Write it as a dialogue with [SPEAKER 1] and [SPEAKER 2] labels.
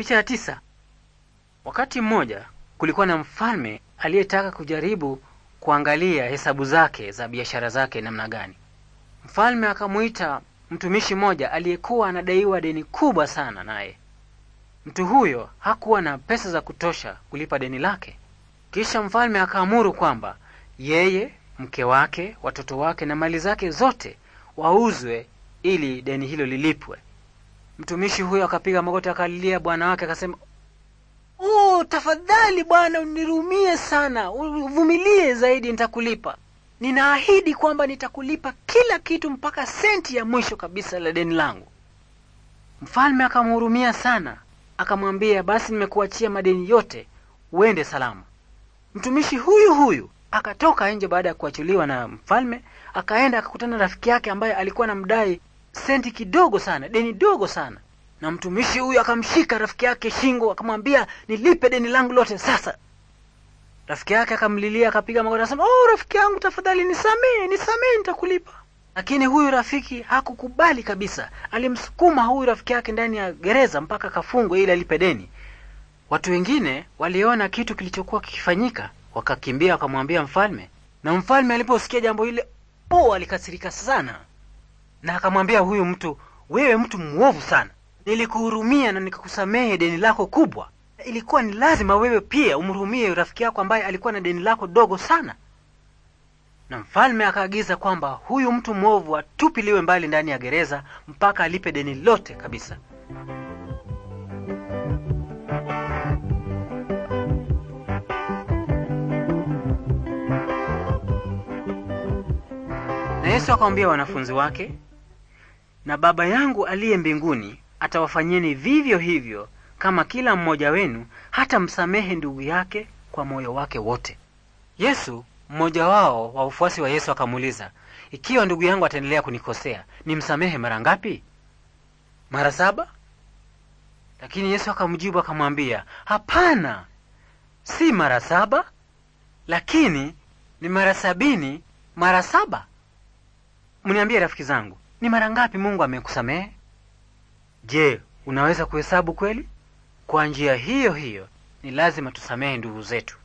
[SPEAKER 1] Picha ya tisa. Wakati mmoja kulikuwa na mfalme aliyetaka kujaribu kuangalia hesabu zake za biashara zake namna gani. Mfalme akamwita mtumishi mmoja aliyekuwa anadaiwa deni kubwa sana, naye mtu huyo hakuwa na pesa za kutosha kulipa deni lake. Kisha mfalme akaamuru kwamba yeye, mke wake, watoto wake na mali zake zote wauzwe ili deni hilo lilipwe. Mtumishi huyo akapiga magoti akalilia bwana wake akasema, oh, tafadhali bwana unirumie sana, uvumilie zaidi, nitakulipa. Ninaahidi kwamba nitakulipa kila kitu mpaka senti ya mwisho kabisa la deni langu. Mfalme akamhurumia sana, akamwambia, basi nimekuachia madeni yote, uende salama. Mtumishi huyu huyu akatoka nje baada ya kuachiliwa na mfalme, akaenda akakutana na rafiki yake ambaye alikuwa na mdai senti kidogo sana, deni dogo sana, na mtumishi huyu akamshika rafiki yake shingo, akamwambia nilipe deni langu lote sasa. Rafiki yake akamlilia, akapiga magoti, akasema, oh, rafiki yangu, tafadhali nisamee nisamee nitakulipa. Lakini huyu rafiki hakukubali kabisa, alimsukuma huyu rafiki yake ndani ya gereza mpaka kafungwe ili alipe deni. Watu wengine waliona kitu kilichokuwa kikifanyika, wakakimbia wakamwambia mfalme, na mfalme aliposikia jambo hili, po oh, alikasirika sana na akamwambia huyu mtu, wewe mtu mwovu sana, nilikuhurumia na nikakusamehe deni lako kubwa. Ilikuwa ni lazima wewe pia umhurumie rafiki yako ambaye alikuwa na deni lako dogo sana. Na mfalme akaagiza kwamba huyu mtu mwovu atupiliwe mbali ndani ya gereza mpaka alipe deni lote kabisa. Na Yesu akamwambia wanafunzi wake na Baba yangu aliye mbinguni atawafanyeni vivyo hivyo, kama kila mmoja wenu hata msamehe ndugu yake kwa moyo wake wote. Yesu, mmoja wao wa ufuasi wa Yesu, akamuuliza, ikiwa ndugu yangu ataendelea kunikosea nimsamehe mara ngapi? Mara saba? Lakini Yesu akamjibu akamwambia, hapana, si mara saba, lakini ni mara sabini mara saba. Mniambie rafiki zangu, ni mara ngapi Mungu amekusamehe? Je, unaweza kuhesabu kweli? Kwa njia hiyo hiyo ni lazima tusamehe ndugu zetu.